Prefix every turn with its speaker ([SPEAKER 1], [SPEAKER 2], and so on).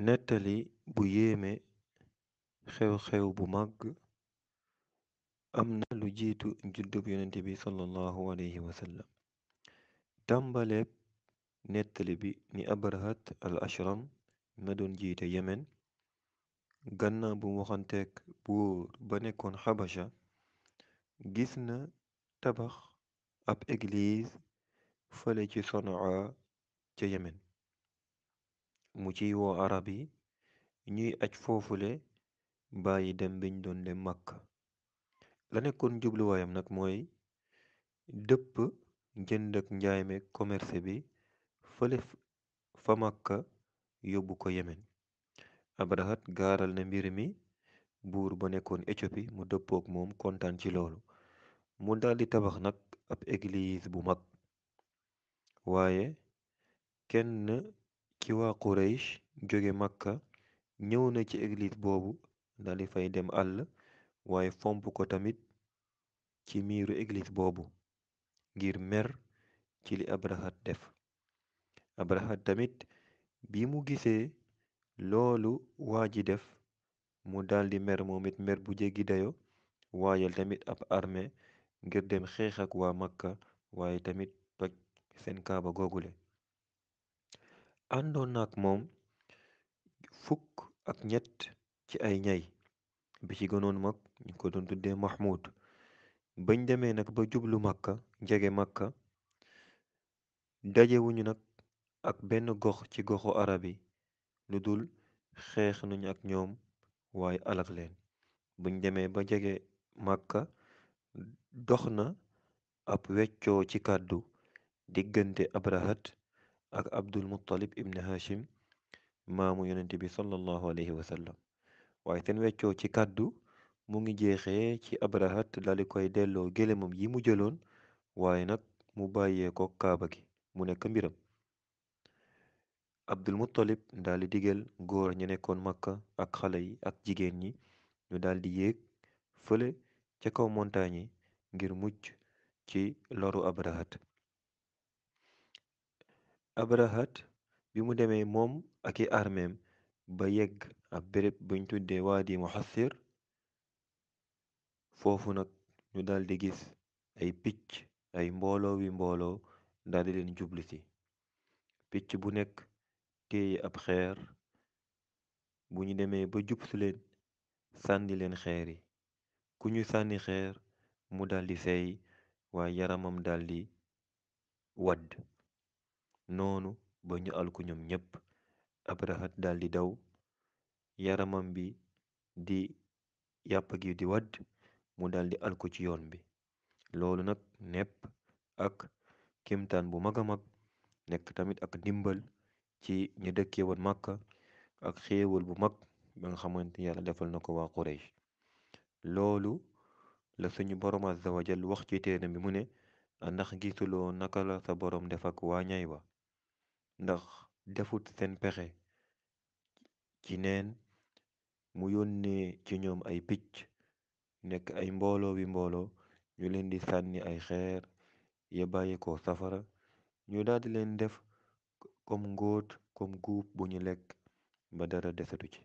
[SPEAKER 1] nettali bu yéeme xew-xew bu mag am na lu jiitu juddug yonent bi sallallahu alayhi wasallam tambaleeb nettali bi ni abrahat al ashram na doon jiite yemen gannaaw bu waxanteeg buur ba nekkoon xabasha gis na tabax ab egliis fale ci sonaa ca yemen mu ciy woo arab yi ñuy aj foofule bàyyi dem biñ doon dem Makka la nekkoon jubluwaayam nag mooy dëpp jënd ak njaay meeg commerce bi fële fa Makka yóbbu ko Yemen Abrahat gaaral na mbir mi buur ba nekkoon Éthiopie mu dëppook moom kontaan ci loolu mu daldi tabax nag ab église bu mag waaye kenn ci waa Quraysh jóge Makka ñëw na ci église boobu dali fay dem àll waaye fomp ko tamit ci miiru eglis boobu ngir mer ci li Abrahat def Abrahat tamit bi mu gisee loolu waa ji def mu daldi mer moomit it bu jéggi dayo waajal tamit ab armée ngir dem xeex ak waa Makka waaye tamit toj seen kaaba googule àndoon nag moom fukk ak ñett ci ay ñay bi ci gënoon mag ñu ko doon tuddee Mahmoud bañ demee nag ba jublu Makka jege Makka dajewuñu nag ak benn gox ci goxu arab yi lu dul xeex nañu ak ñoom waaye alak leen buñ demee ba jege Makka dox na ab weccoo ci kàddu diggante Abrahat ak abdul muttalib ibn hashim maamu yonent bi sallallahu alayhi wa sallam waaye seen weccoo ci kàddu mu ngi jeexe ci abrahat dali koy delloo gëlémam yi mu jëloon waaye nag mu bàyyee ko kaaba gi mu nekk mbiram abdul muttalib daldi digal góor ñi nekkoon makka ak xale yi ak jigéen ñi ñu daldi yéeg fële ca kaw montagne yi ngir mucc ci loru abrahat abrahat bi mu demee moom aki armeem ba yegg ab bereb buñ tuddee waadi muhassir foofu nag ñu daldi gis ay picc ay mbooloo wi mbooloo daldi leen jubli si picc bu nekk téye ab xeer bu ñu demee ba jub si leen sànni leen xeer ku ñu sànni xeer mu daldi sey waaye yaramam daldi wadd noonu ba ñu alku ñoom ñépp ab raxat daldi daw yaramam bi di yàpp gi di wadd mu daldi alku ci yoon bi loolu nag nepp ak kimtaan bu mag a mag nekk tamit ak ndimbal ci ñu dëkkee woon màkka ak xéewal bu mag ba nga xamante yàlla defal na ko waa loolu la suñu borom azza wa jal wax ci téere bi mu ne ndax gisuloo naka la sa borom def ak waa ñay wa ndax defut seen pexe ci neen mu yónnee ci ñoom ay picc nekk ay mbooloo wi mbooloo ñu leen di sànni ay xeer ya bàyyikoo safara ñu daldi leen def kom ngóot kom guub buñu lekk ba dara desetu ci